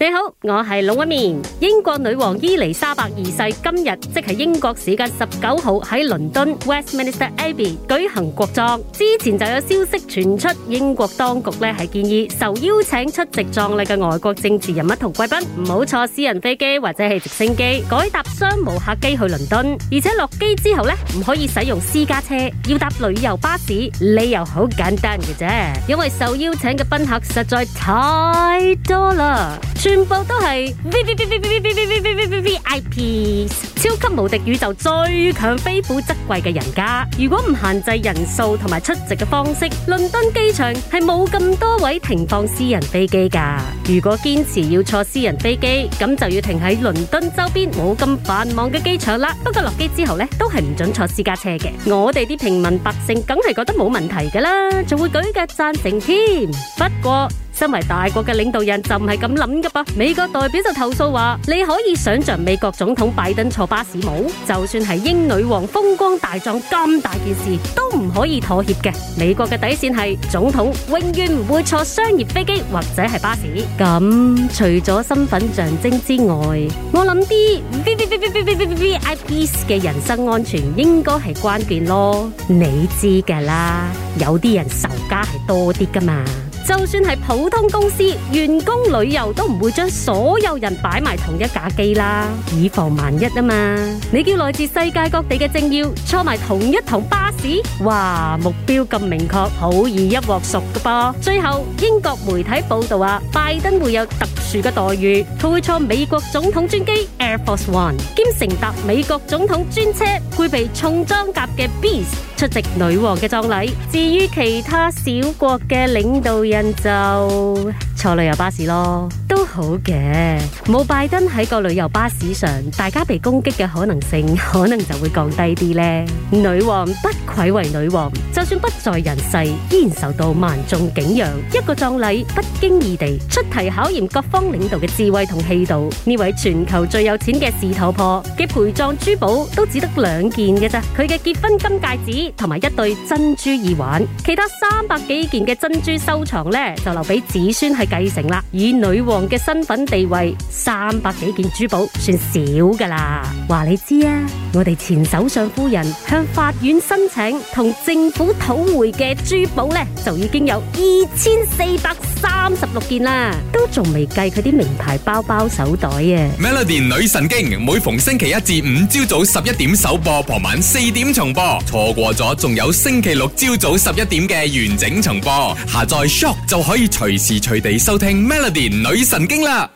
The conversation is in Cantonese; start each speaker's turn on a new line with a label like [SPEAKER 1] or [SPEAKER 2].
[SPEAKER 1] 你好，我係龍紋敏。英國女王伊麗莎白二世今日即係英國時間十九號喺倫敦 Westminster Abbey 舉行國葬。之前就有消息傳出，英國當局咧係建議受邀請出席葬禮嘅外國政治人物同貴賓，唔好坐私人飛機或者係直升機，改搭商務客機去倫敦。而且落機之後咧唔可以使用私家車，要搭旅遊巴士。理由好簡單嘅啫，因為受邀請嘅賓客實在太多啦。全部都係 V V V V V V V V V V V I P，超級無敵宇宙最強非富則貴嘅人家。如果唔限制人數同埋出席嘅方式，倫敦機場係冇咁多位停放私人飛機噶。如果堅持要坐私人飛機，咁就要停喺倫敦周邊冇咁繁忙嘅機場啦。不過落機之後呢，都係唔准坐私家車嘅。我哋啲平民百姓梗係覺得冇問題噶啦，仲會舉腳贊成添。不過。身為大國嘅領導人就唔係咁諗噶噃，美國代表就投訴話：你可以想象美國總統拜登坐巴士冇？就算係英女王風光大葬咁大件事都唔可以妥協嘅。美國嘅底線係總統永遠唔會坐商業飛機或者係巴士。咁、嗯、除咗身份象徵之外，我諗啲 VIP 嘅人身安全應該係關鍵咯。你知噶啦，有啲人仇家係多啲噶嘛。就算係普通公司，員工旅遊都唔會將所有人擺埋同一架機啦，以防萬一啊嘛。你叫來自世界各地嘅政要坐埋同一趟巴士，哇！目標咁明確，好易一鑊熟嘅噃。最後，英國媒體報道話，拜登會有特殊嘅待遇，佢會坐美國總統專機 Air Force One，兼乘搭美國總統專車，配備重裝甲嘅 Beast，出席女王嘅葬禮，至於其他小國嘅領導人就坐旅遊巴士咯，都好嘅。冇拜登喺個旅遊巴士上，大家被攻擊嘅可能性可能就會降低啲呢。女王不愧為女王，就算不在人世，依然受到萬眾景仰。一個葬禮不經意地出題考驗各方領導嘅智慧同氣度。呢位全球最有錢嘅士頭婆嘅陪葬珠寶都只得兩件嘅咋，佢嘅結婚金戒指同埋一對珍珠耳環，其他三百幾件嘅珍珠收藏呢，就留俾子孫繼承啦！以女王嘅身份地位，三百幾件珠寶算少噶啦。話你知啊，我哋前首相夫人向法院申請同政府討回嘅珠寶呢，就已經有二千四百三十六件啦，都仲未計佢啲名牌包包手袋啊。Melody 女神經每逢星期一至五朝早十一點首播，傍晚四點重播，錯過咗仲有星期六朝早十一點嘅完整重播。下載 Shock 就可以隨時隨地。收聽 Melody 女神經啦。